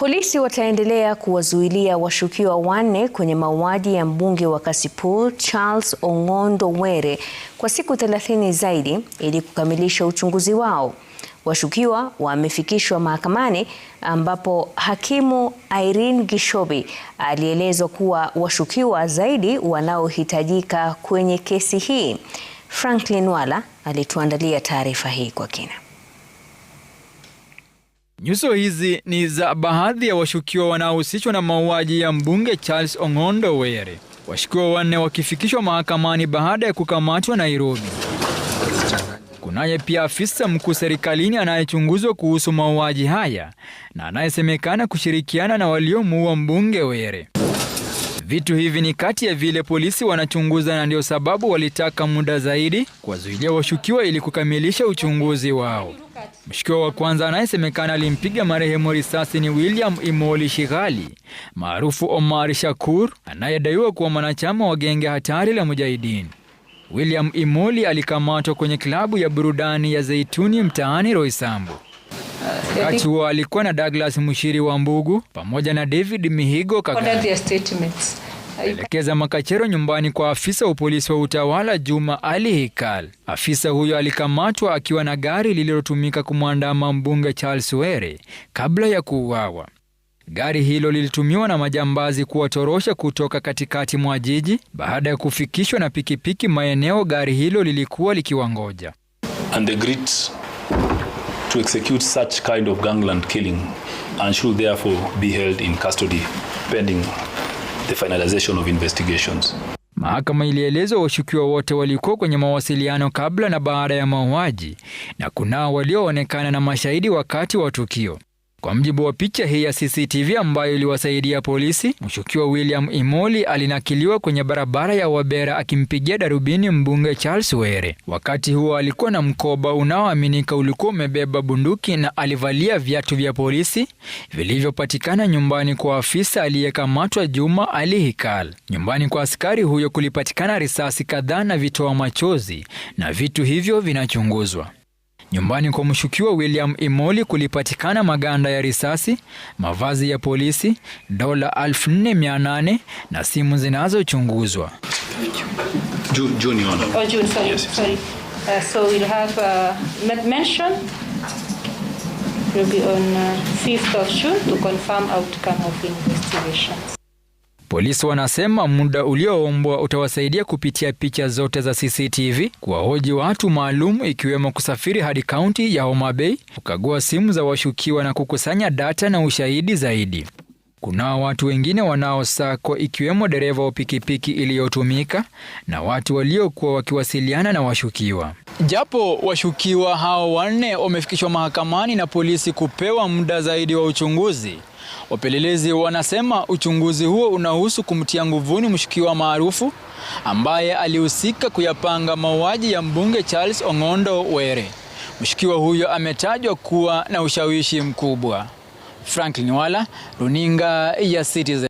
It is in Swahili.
Polisi wataendelea kuwazuilia washukiwa wanne kwenye mauaji ya mbunge wa Kasipul Charles Ong'ondo Were kwa siku 30 zaidi ili kukamilisha uchunguzi wao. Washukiwa wamefikishwa mahakamani ambapo hakimu Irene Gishobi alielezwa kuwa washukiwa zaidi wanaohitajika kwenye kesi hii. Franklin Wala alituandalia taarifa hii kwa kina. Nyuso hizi ni za baadhi ya washukiwa wanaohusishwa na mauaji ya mbunge Charles Ong'ondo Were, washukiwa wanne wakifikishwa mahakamani baada ya kukamatwa Nairobi. Kunaye pia afisa mkuu serikalini anayechunguzwa kuhusu mauaji haya na anayesemekana kushirikiana na waliomuua mbunge Were. Vitu hivi ni kati ya vile polisi wanachunguza na ndio sababu walitaka muda zaidi kuwazuilia washukiwa ili kukamilisha uchunguzi wao. Mshukiwa wa kwanza anayesemekana alimpiga marehemu risasi ni William Imoli Shighali maarufu Omar Shakur, anayedaiwa kuwa mwanachama wa genge hatari la Mujahideen. William Imoli alikamatwa kwenye klabu ya burudani ya Zeituni mtaani Roysambu. Wakati huo alikuwa na Douglas Mushiri wa Mbugu pamoja na David Mihigo kaka elekeza Makachero nyumbani kwa afisa wa polisi wa utawala Juma Ali Hikal. Afisa huyo alikamatwa akiwa na gari lililotumika kumwandama mbunge Charles Were kabla ya kuuawa. Gari hilo lilitumiwa na majambazi kuwatorosha kutoka katikati mwa jiji. Baada ya kufikishwa na pikipiki maeneo gari hilo lilikuwa likiwangoja the finalization of investigations. Mahakama ilieleza washukiwa wote walikuwa kwenye mawasiliano kabla na baada ya mauaji na kunao walioonekana na mashahidi wakati wa tukio. Kwa mjibu wa picha hii ya CCTV ambayo iliwasaidia polisi, mshukiwa William Imoli alinakiliwa kwenye barabara ya Wabera akimpigia darubini mbunge Charles Were. Wakati huo alikuwa na mkoba unaoaminika ulikuwa umebeba bunduki na alivalia viatu vya polisi vilivyopatikana nyumbani kwa afisa aliyekamatwa Juma Ali Hikal. Nyumbani kwa askari huyo kulipatikana risasi kadhaa na vitoa machozi na vitu hivyo vinachunguzwa. Nyumbani kwa mshukiwa William Imoli kulipatikana maganda ya risasi, mavazi ya polisi, dola 4800 na simu zinazochunguzwa. Polisi wanasema muda ulioombwa utawasaidia kupitia picha zote za CCTV, kuwahoji watu maalum, ikiwemo kusafiri hadi kaunti ya Homa Bay, kukagua simu za washukiwa na kukusanya data na ushahidi zaidi. Kunao watu wengine wanaosakwa ikiwemo dereva wa pikipiki iliyotumika na watu waliokuwa wakiwasiliana na washukiwa. Japo washukiwa hao wanne wamefikishwa mahakamani na polisi kupewa muda zaidi wa uchunguzi, Wapelelezi wanasema uchunguzi huo unahusu kumtia nguvuni mshukiwa maarufu ambaye alihusika kuyapanga mauaji ya mbunge Charles Ong'ondo Were. Mshukiwa huyo ametajwa kuwa na ushawishi mkubwa. Franklin Wala, Runinga ya Citizen.